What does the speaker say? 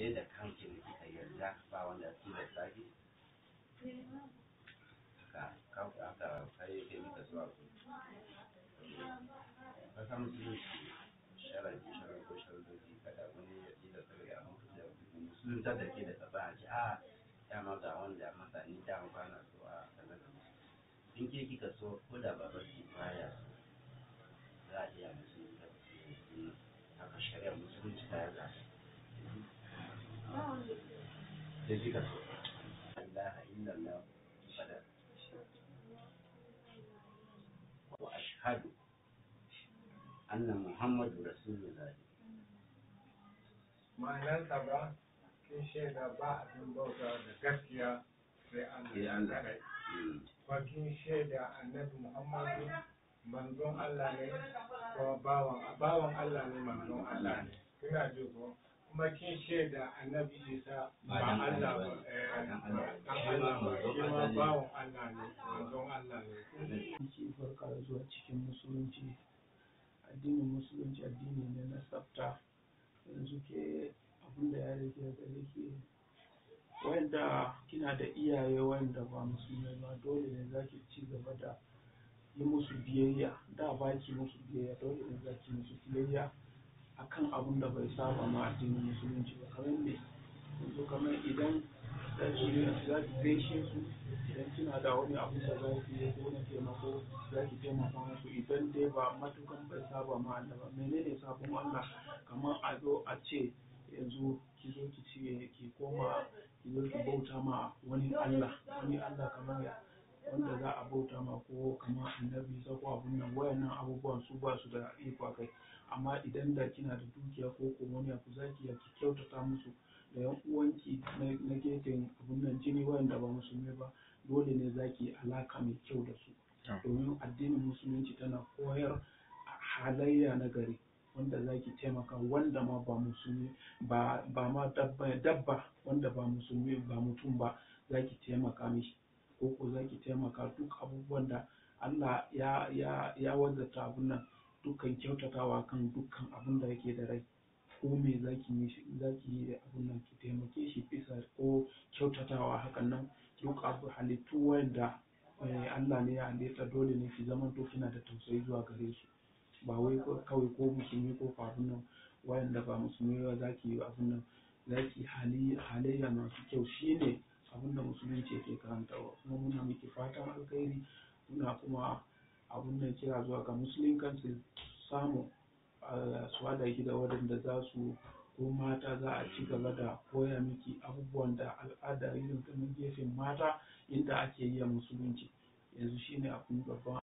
ke da kanki ne kika yarda ba wanda su da saki ka kauka aka kai ke mika zuwa ku ka samu shara sharadi shara ko shara sharadoji kada wani ya ji da saboda a mutu da musulun ta da ke da tsaba a ce ah, a dama ga wanda masa ni dama ba na so a kanar in ke kika so ko da babar ki baya sai kika so Allah illallah wa ashhadu anna muhammadu rasulullah ma'anar kin shaida ba abin bauta da gaskiya sai Allah kadai Ba kin shaida annabi muhammadu manzon Allah ne kuma bawan Allah ne manzon Allah ne kina ji ko kuma kin shaida annabi isa ba Allah ba eh, shi ma bawon Allah ne manzon Allah ne yake farka zuwa cikin musulunci addinin musulunci addini ne na tsafta yanzu ke abinda ya rage da yake wanda kina da iyaye wanda ba musulmai ba dole ne zaki ci gaba da yi musu biyayya da baki musu biyayya dole ne zaki musu biyayya akan abun da bai saba ma addinin musulunci ba kamar me yanzu kamar idan za ki za ki gaishe su idan kina da wani abu da za ki yi ko na taimako za ki taimaka musu idan dai ba matukan bai saba ma Allah ba menene sabon Allah kamar a zo a ce yanzu ki zo ki ci ki koma ki zo ki bauta ma wani Allah wani Allah kamar ya wanda za a bauta ma ko kamar annabi sa ko abun nan wayannan abubuwan su ba su da iko kai amma idan da kina da dukiya ko ko wani abu ki ki kyautata musu da yan uwanki na gefen abun nan jini wayanda ba musulmi ba dole ne zaki alaka mai kyau da su ah. domin addinin musulunci tana koyar halayya na gari wanda zaki taimaka wanda ma ba musulmi ba ma dabba wanda ba musulmi ba mutum ba zaki taimaka mishi ko za ki taimaka duk abubuwan da Allah ya ya ya wazzata abun nan dukkan kyautatawa kan dukkan abun da yake da rai ko me za ki yi da abun nan ki taimake shi bisa ko kyautatawa hakan nan duk abu halittu wanda eh, Allah ne ya halitta dole ne ki zama to kina da tausayi zuwa gare shi ba wai kawai ko musulmi ko abun nan wanda ba musulmi ba za ki yi abun nan za ki halayya masu kyau shine da musulunci ke karantarwa kuma muna miki fatan alkhairi muna kuma abin da kira zuwa ga musulun kansu samu eh, su hada ki da waɗanda za su ko mata za a ci gaba da koya miki abubuwan da al'ada irin ta gefen mata inda ake yi a musulunci yanzu shine abin babban